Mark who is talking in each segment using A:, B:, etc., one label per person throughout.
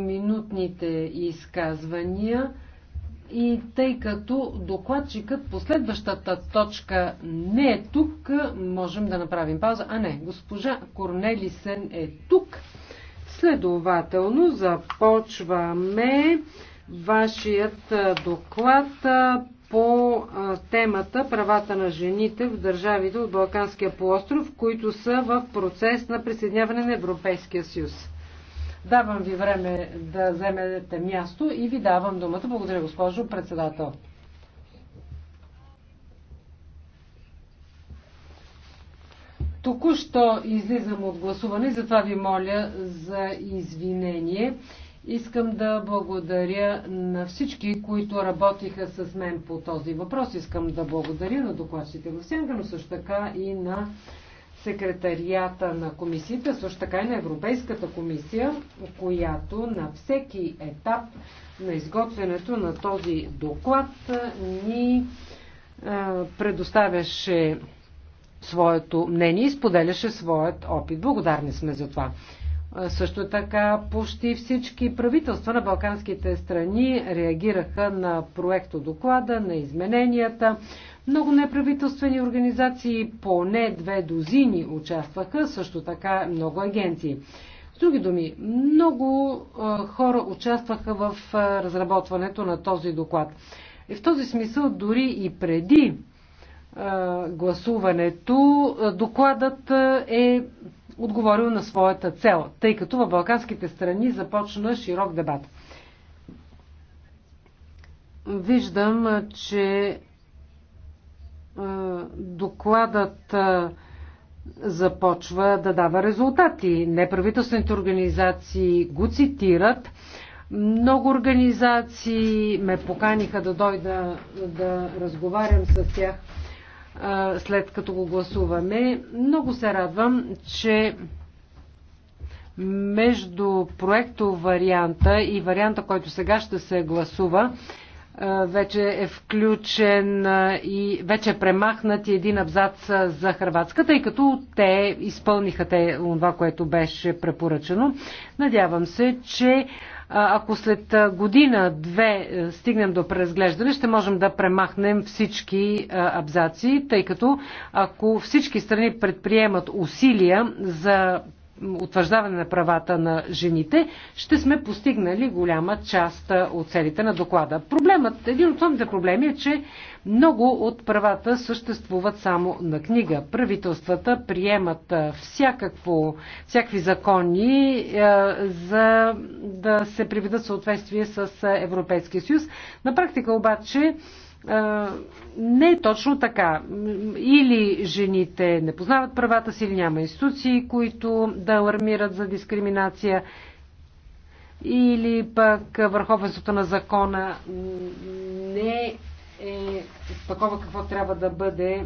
A: Минутните изказвания и тъй като докладчикът последващата точка не е тук, можем да направим пауза. А не, госпожа Корнелисен е тук. Следователно започваме вашият доклад по темата правата на жените в държавите от Балканския полуостров, които са в процес на присъединяване на Европейския съюз. Давам ви време да вземете място и ви давам думата. Благодаря, госпожо председател. Току-що излизам от гласуване, затова ви моля за извинение. Искам да благодаря на всички, които работиха с мен по този въпрос. Искам да благодаря на докладчите в Сенга, но също така и на секретарията на комисията, също така и на Европейската комисия, която на всеки етап на изготвянето на този доклад ни е, предоставяше своето мнение и споделяше своят опит. Благодарни сме за това. Също така почти всички правителства на балканските страни реагираха на проекто доклада, на измененията, много неправителствени организации, поне две дозини участваха, също така много агенции. С други думи, много хора участваха в разработването на този доклад. И в този смисъл, дори и преди гласуването, докладът е отговорил на своята цел, тъй като в балканските страни започна широк дебат. Виждам, че е, докладът е, започва да дава резултати. Неправителствените организации го цитират. Много организации ме поканиха да дойда да разговарям с тях е, след като го гласуваме. Много се радвам, че между проекто варианта и варианта, който сега ще се гласува, вече е включен и вече е премахнат и един абзац за Хрватска, тъй като те изпълниха те това, което беше препоръчено. Надявам се, че ако след година-две стигнем до преразглеждане, ще можем да премахнем всички абзаци, тъй като ако всички страни предприемат усилия за утвърждаване на правата на жените, ще сме постигнали голяма част от целите на доклада. Проблемът, един от основните проблеми е, че много от правата съществуват само на книга. Правителствата приемат всякакво, всякакви закони е, за да се приведат в съответствие с Европейския съюз. На практика обаче не е точно така. Или жените не познават правата си, или няма институции, които да алармират за дискриминация, или пък върховенството на закона не е такова какво трябва да бъде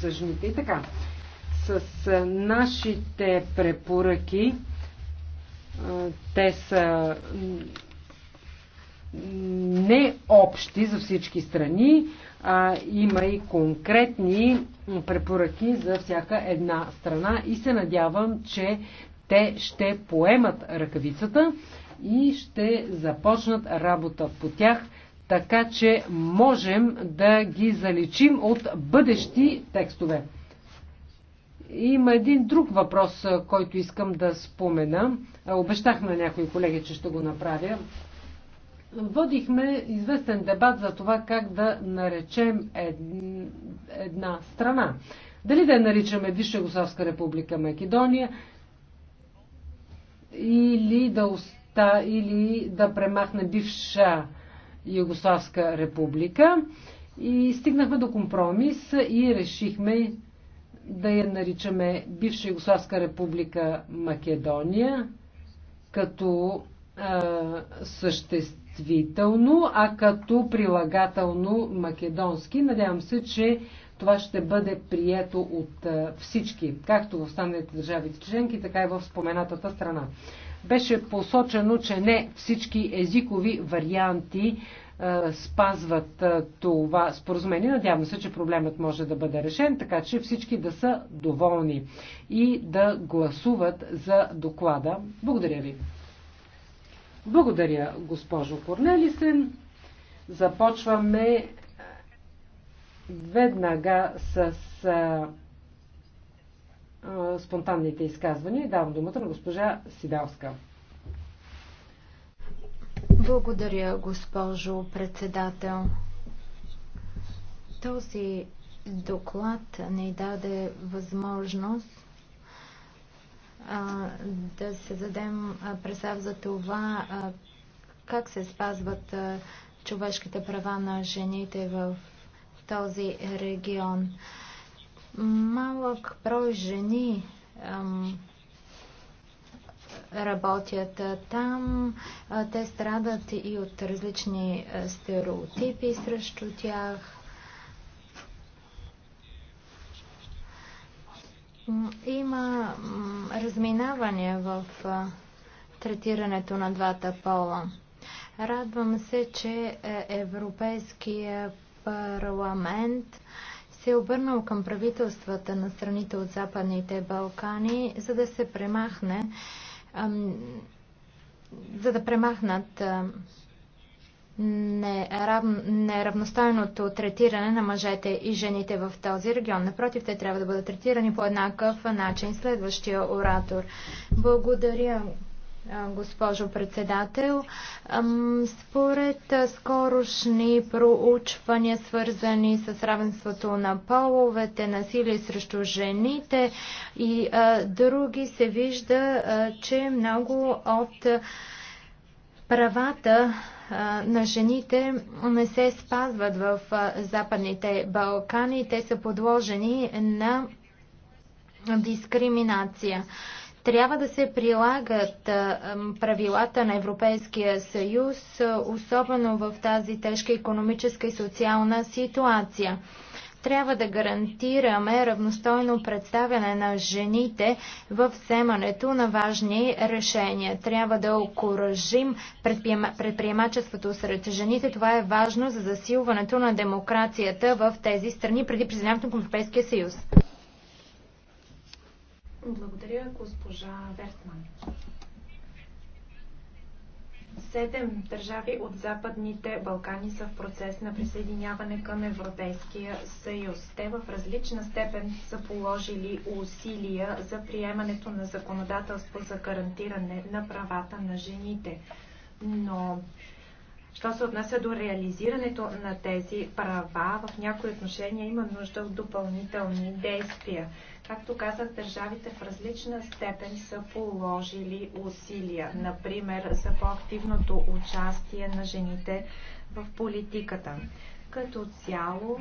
A: за жените. И така, с нашите препоръки, те са не общи за всички страни, а има и конкретни препоръки за всяка една страна и се надявам, че те ще поемат ръкавицата и ще започнат работа по тях, така че можем да ги заличим от бъдещи текстове. Има един друг въпрос, който искам да спомена. Обещах на някои колеги, че ще го направя водихме известен дебат за това как да наречем една страна. Дали да я наричаме Висша Югославска република Македония или да, оста, или да премахне бивша Югославска република. И стигнахме до компромис и решихме да я наричаме Бивша Югославска република Македония, като а, съществ действително, а като прилагателно македонски. Надявам се, че това ще бъде прието от всички, както в останалите и членки, така и в споменатата страна. Беше посочено, че не всички езикови варианти спазват това споразумение. Надявам се, че проблемът може да бъде решен, така че всички да са доволни и да гласуват за доклада. Благодаря ви. Благодаря, госпожо Корнелисен. Започваме веднага с а, а, спонтанните изказвания. Давам думата на госпожа Сидалска.
B: Благодаря, госпожо председател. Този доклад ни даде възможност да се дадем представ за това как се спазват човешките права на жените в този регион. Малък брой жени работят там. Те страдат и от различни стереотипи срещу тях. Има разминавания в третирането на двата пола. Радвам се, че е, Европейския парламент се е обърнал към правителствата на страните от Западните Балкани, за да се премахне за да премахнат нерав... неравностойното третиране на мъжете и жените в този регион. Напротив, те трябва да бъдат третирани по еднакъв начин. Следващия оратор. Благодаря, госпожо председател. Според скорошни проучвания, свързани с равенството на половете, насилие срещу жените и други, се вижда, че много от правата на жените не се спазват в Западните Балкани. Те са подложени на дискриминация. Трябва да се прилагат правилата на Европейския съюз, особено в тази тежка економическа и социална ситуация. Трябва да гарантираме равностойно представяне на жените в вземането на важни решения. Трябва да окоръжим предприемачеството сред жените. Това е важно за засилването на демокрацията в тези страни преди президентството на Европейския съюз.
C: Благодаря, госпожа Вертман. Седем държави от Западните Балкани са в процес на присъединяване към Европейския съюз. Те в различна степен са положили усилия за приемането на законодателство за гарантиране на правата на жените. Но Що се отнася до реализирането на тези права, в някои отношения има нужда от допълнителни действия. Както казах, държавите в различна степен са положили усилия, например за по-активното участие на жените в политиката. Като цяло,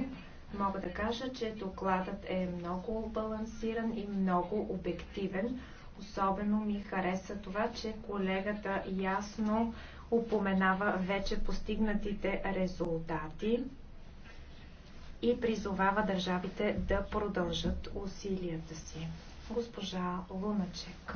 C: мога да кажа, че докладът е много балансиран и много обективен. Особено ми хареса това, че колегата ясно упоменава вече постигнатите резултати и призовава държавите да продължат усилията си. Госпожа Луначек.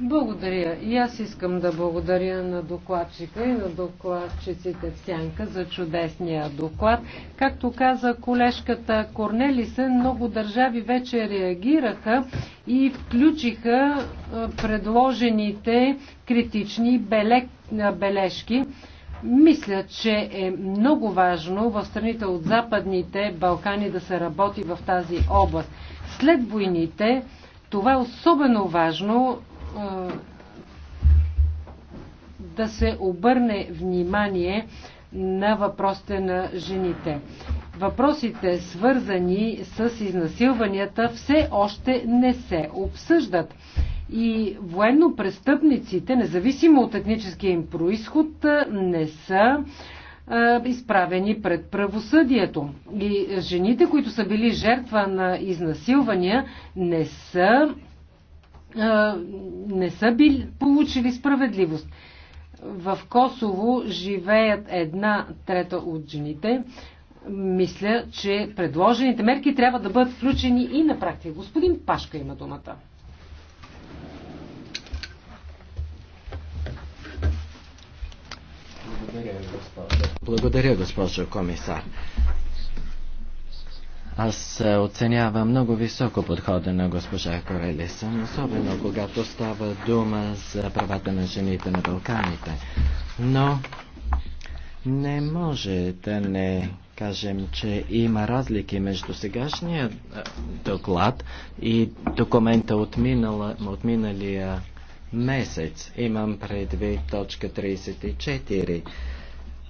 A: Благодаря. И аз искам да благодаря на докладчика и на докладчиците в Сянка за чудесния доклад. Както каза колежката Корнелиса, много държави вече реагираха и включиха предложените критични бележки. Мисля, че е много важно в страните от Западните Балкани да се работи в тази област. След войните това е особено важно да се обърне внимание на въпросите на жените. Въпросите, свързани с изнасилванията, все още не се обсъждат. И военно престъпниците, независимо от етническия им происход, не са изправени пред правосъдието. И жените, които са били жертва на изнасилвания, не са не са били, получили справедливост. В Косово живеят една трета от жените. Мисля, че предложените мерки трябва да бъдат включени и на практика. Господин Пашка има думата.
D: Благодаря, госпожо. Благодаря, комисар. Аз е, оценявам много високо подхода на госпожа Корелисън, особено когато става дума за правата на жените на Балканите. Но не може да не кажем, че има разлики между сегашния е, доклад и документа от, минала, от миналия месец. Имам предвид точка 34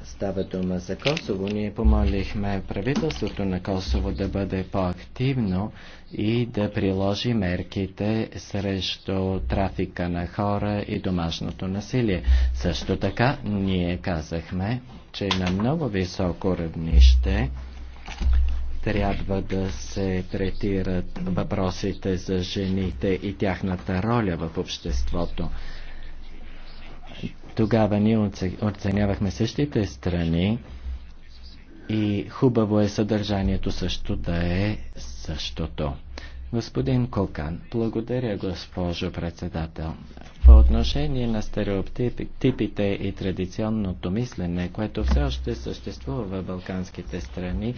D: става дума за Косово, ние помолихме правителството на Косово да бъде по-активно и да приложи мерките срещу трафика на хора и домашното насилие. Също така ние казахме, че на много високо равнище трябва да се третират въпросите за жените и тяхната роля в обществото. Тогава ние оценявахме същите страни и хубаво е съдържанието също да е същото. Господин Колкан, благодаря, госпожо председател. По отношение на стереотипите и традиционното мислене, което все още съществува в балканските страни,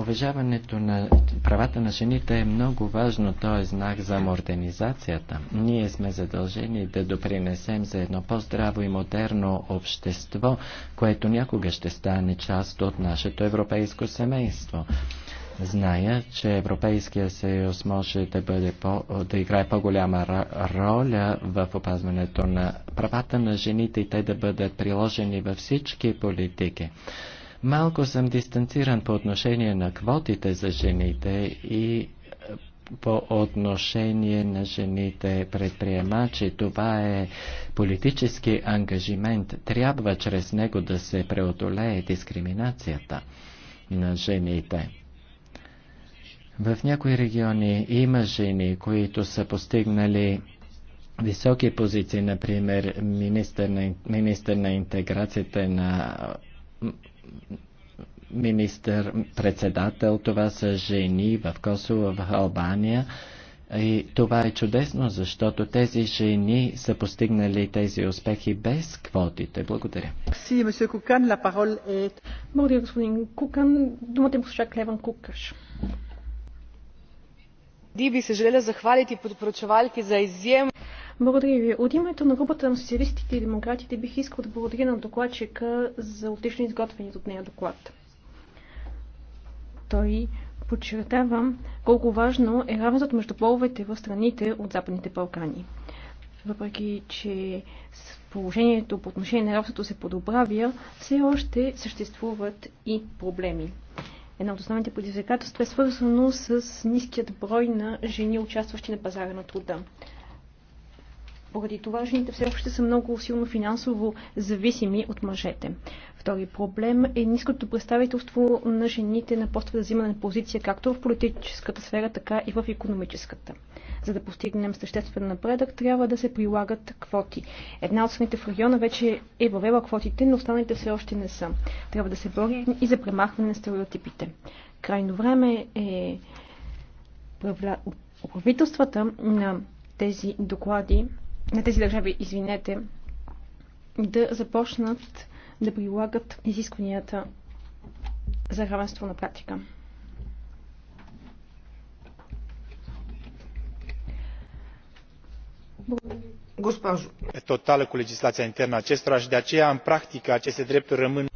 D: Уважаването на правата на жените е много важно. То е знак за модернизацията. Ние сме задължени да допринесем за едно по-здраво и модерно общество, което някога ще стане част от нашето европейско семейство. Зная, че Европейския съюз може да, бъде по, да играе по-голяма роля в опазването на правата на жените и те да бъдат приложени във всички политики. Малко съм дистанциран по отношение на квотите за жените и е, по отношение на жените предприемачи. Това е политически ангажимент. Трябва чрез него да се преодолее дискриминацията на жените. В някои региони има жени, които са постигнали високи позиции, например министър на, министър на интеграцията на министър-председател. Това са жени в Косово, в Албания. И това е чудесно, защото тези жени са постигнали тези успехи без квотите. Благодаря.
E: Си, Кукан, Благодаря, господин Кукан. Думата е госпожа Клеван Кукаш. Ди би се желела захвалити подпоручвалки за изем. Благодаря ви. От името на групата на социалистите и демократите бих искал да благодаря на докладчика за отлично изготвеният от нея доклад. Той подчертава колко важно е равенството между половете в страните от Западните Балкани. Въпреки, че положението по отношение на равенството се подобравя, все още съществуват и проблеми. Едно от основните предизвикателства е свързано с ниският брой на жени, участващи на пазара на труда. Поради това жените все още са много силно финансово зависими от мъжете. Втори проблем е ниското представителство на жените на постове за взимане на позиция както в политическата сфера, така и в економическата. За да постигнем съществен напредък, трябва да се прилагат квоти. Една от страните в региона вече е въвела квотите, но останалите все още не са. Трябва да се бори и за премахване на стереотипите. Крайно време е правителствата на тези доклади на тези държави, извинете, да започнат да прилагат изискванията за равенство на практика.
F: Е totală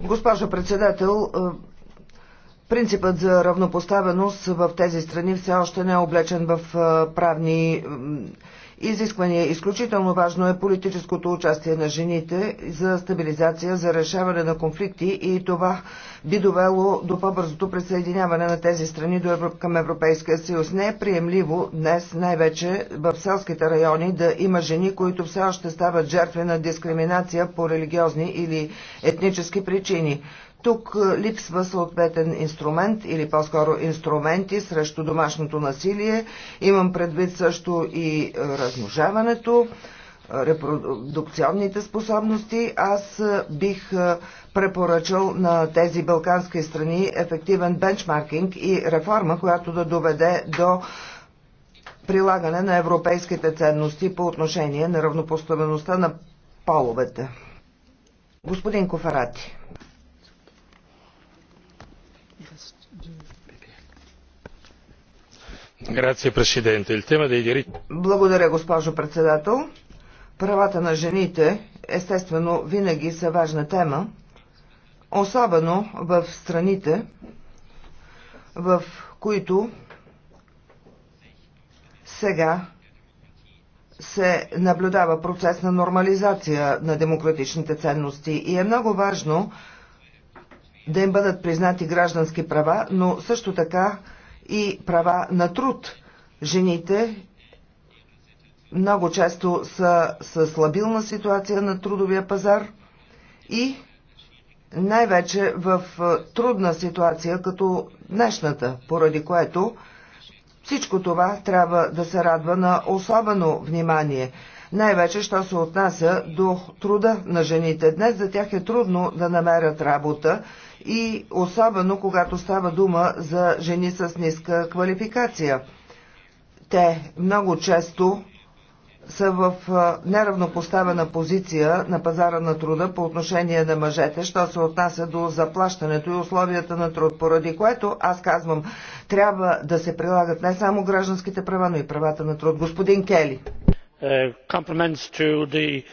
F: Госпожо председател, е, принципът за равнопоставеност в тези страни все още не е облечен в е, правни изисквания. Е изключително важно е политическото участие на жените за стабилизация, за решаване на конфликти и това би довело до по-бързото присъединяване на тези страни към Европейския съюз. Не е приемливо днес, най-вече в селските райони, да има жени, които все още стават жертви на дискриминация по религиозни или етнически причини. Тук е, липсва съответен инструмент или по-скоро инструменти срещу домашното насилие. Имам предвид също и е, размножаването, е, репродукционните способности. Аз бих препоръчал на тези балкански страни ефективен бенчмаркинг и реформа, която да доведе до прилагане на европейските ценности по отношение на равнопоставеността на половете. Господин Кофарати. Благодаря, госпожо председател. Правата на жените, естествено, винаги са важна тема, особено в страните, в които сега се наблюдава процес на нормализация на демократичните ценности и е много важно да им бъдат признати граждански права, но също така и права на труд. Жените много често са с слабилна ситуация на трудовия пазар и най-вече в трудна ситуация като днешната, поради което всичко това трябва да се радва на особено внимание – най-вече, що се отнася до труда на жените. Днес за тях е трудно да намерят работа и особено когато става дума за жени с ниска квалификация. Те много често са в неравнопоставена позиция на пазара на труда по отношение на мъжете, що се отнася до заплащането и условията на труд, поради което аз казвам, трябва да се прилагат не само гражданските права, но и правата на труд. Господин Кели. Uh, compliments to the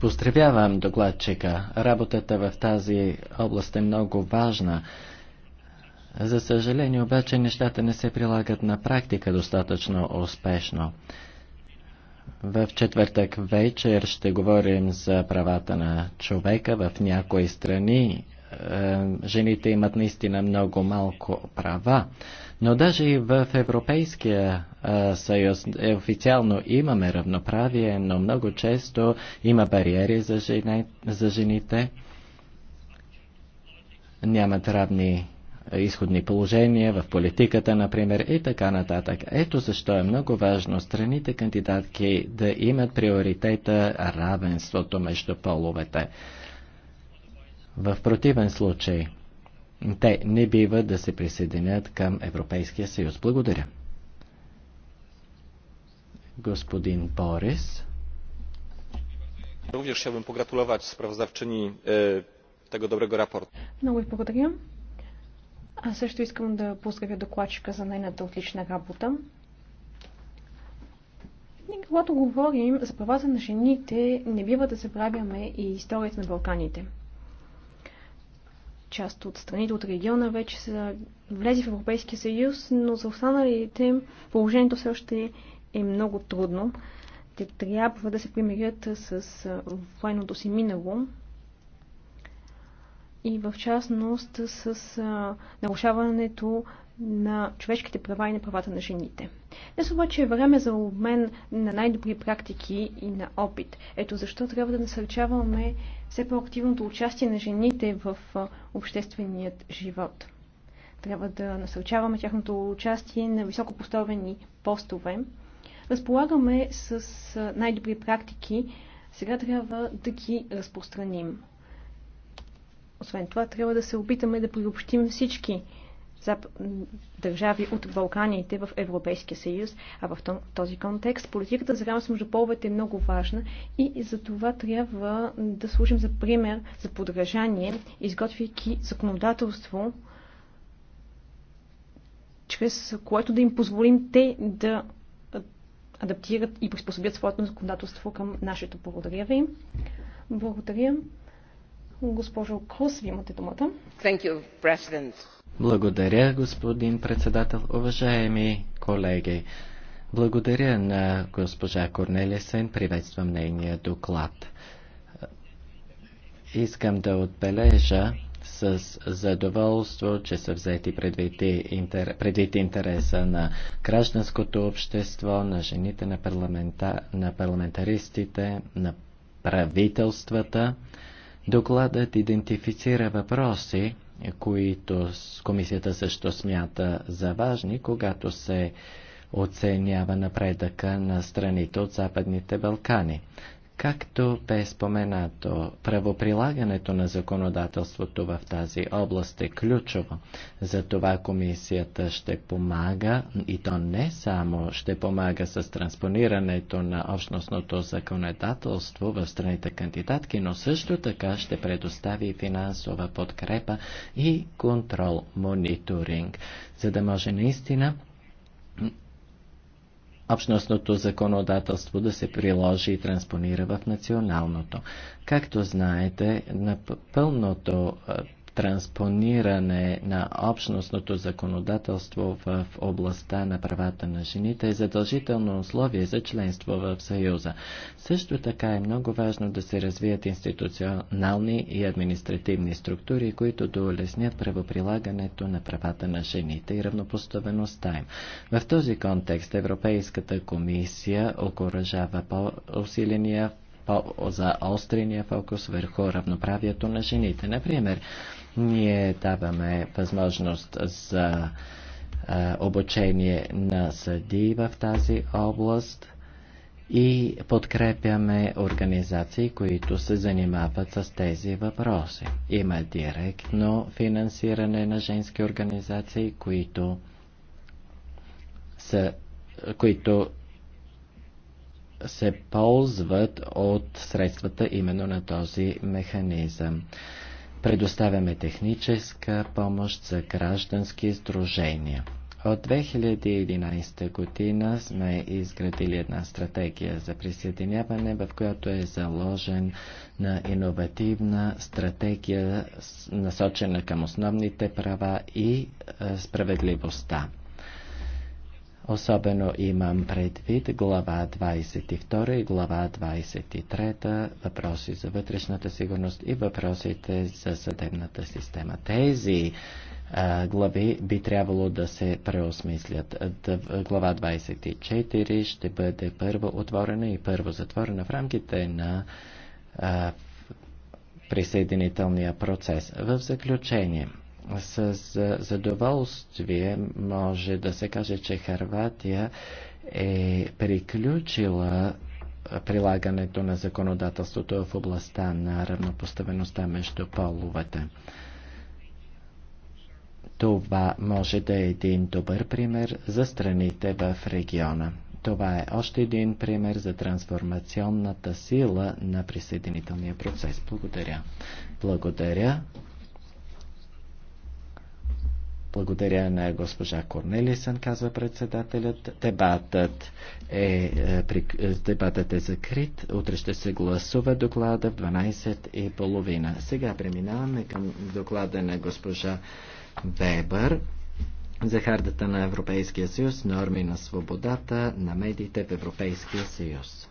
D: Поздравявам докладчика. Работата в тази област е много важна. За съжаление обаче нещата не се прилагат на практика достатъчно успешно. В четвъртък вечер ще говорим за правата на човека в някои страни. Е, жените имат наистина много малко права. Но даже и в Европейския е, съюз е, официално имаме равноправие, но много често има бариери за, жени, за жените. Нямат равни изходни положения в политиката, например, и така нататък. Ето защо е много важно страните кандидатки да имат приоритета равенството между половете. В противен случай, те не бива да се присъединят към Европейския съюз. Благодаря. Господин Борис. Również chciałbym pogratulować sprawozdawczyni e, tego dobrego raportu.
E: Много ви благодаря. Аз също искам да поздравя докладчика за нейната отлична работа. И когато говорим за за на жените, не бива да забравяме и историята на Балканите – част от страните от региона вече са влезли в Европейския съюз, но за останалите положението все още е много трудно. Те трябва да се примирят с военното си минало и в частност с нарушаването на човешките права и на правата на жените. Днес обаче е време за обмен на най-добри практики и на опит. Ето защо трябва да насърчаваме все по-активното участие на жените в общественият живот. Трябва да насърчаваме тяхното участие на високопоставени постове. Разполагаме с най-добри практики, сега трябва да ги разпространим. Освен това, трябва да се опитаме да приобщим всички за държави от Балканите в Европейския съюз. А в този контекст политиката за равенство между половете е много важна и за това трябва да служим за пример, за подражание, изготвяйки законодателство, чрез което да им позволим те да адаптират и приспособят своето законодателство към нашето. Благодаря ви. Благодаря. Госпожо Крус, ви имате думата. Thank you, President.
D: Благодаря, господин председател. Уважаеми колеги, благодаря на госпожа Корнелисен. Приветствам нейния доклад. Искам да отбележа с задоволство, че са взети предвид, интер... предвид интереса на гражданското общество, на жените, на, парламента... на парламентаристите, на правителствата. Докладът идентифицира въпроси, които комисията също смята за важни, когато се оценява напредъка на страните от Западните Балкани. Както бе споменато, правоприлагането на законодателството в тази област е ключово. Затова комисията ще помага, и то не само ще помага с транспонирането на общностното законодателство в страните кандидатки, но също така ще предостави финансова подкрепа и контрол, мониторинг, за да може наистина общностното законодателство да се приложи и транспонира в националното. Както знаете, на пълното транспониране на общностното законодателство в областта на правата на жените е задължително условие за членство в Съюза. Също така е много важно да се развият институционални и административни структури, които да улеснят правоприлагането на правата на жените и равнопоставеността им. В този контекст Европейската комисия окоръжава по-усиления за острения фокус върху равноправието на жените. Например, ние даваме възможност за обучение на съди в тази област и подкрепяме организации, които се занимават с тези въпроси. Има директно финансиране на женски организации, които, са, които се ползват от средствата именно на този механизъм. Предоставяме техническа помощ за граждански сдружения. От 2011 година сме изградили една стратегия за присъединяване, в която е заложен на иновативна стратегия, насочена към основните права и справедливостта. Особено имам предвид глава 22 и глава 23, въпроси за вътрешната сигурност и въпросите за съдебната система. Тези а, глави би трябвало да се преосмислят. Глава 24 ще бъде първо отворена и първо затворена в рамките на а, присъединителния процес. В заключение, с задоволствие може да се каже, че Харватия е приключила прилагането на законодателството в областта на равнопоставеността между половете. Това може да е един добър пример за страните в региона. Това е още един пример за трансформационната сила на присъединителния процес. Благодаря. Благодаря. Благодаря на госпожа Корнелисън, казва председателят. Дебатът е, е, е, дебатът е закрит. Утре ще се гласува доклада в и половина. Сега преминаваме към доклада на госпожа Вебър за хардата на Европейския съюз, норми на свободата на медиите в Европейския съюз.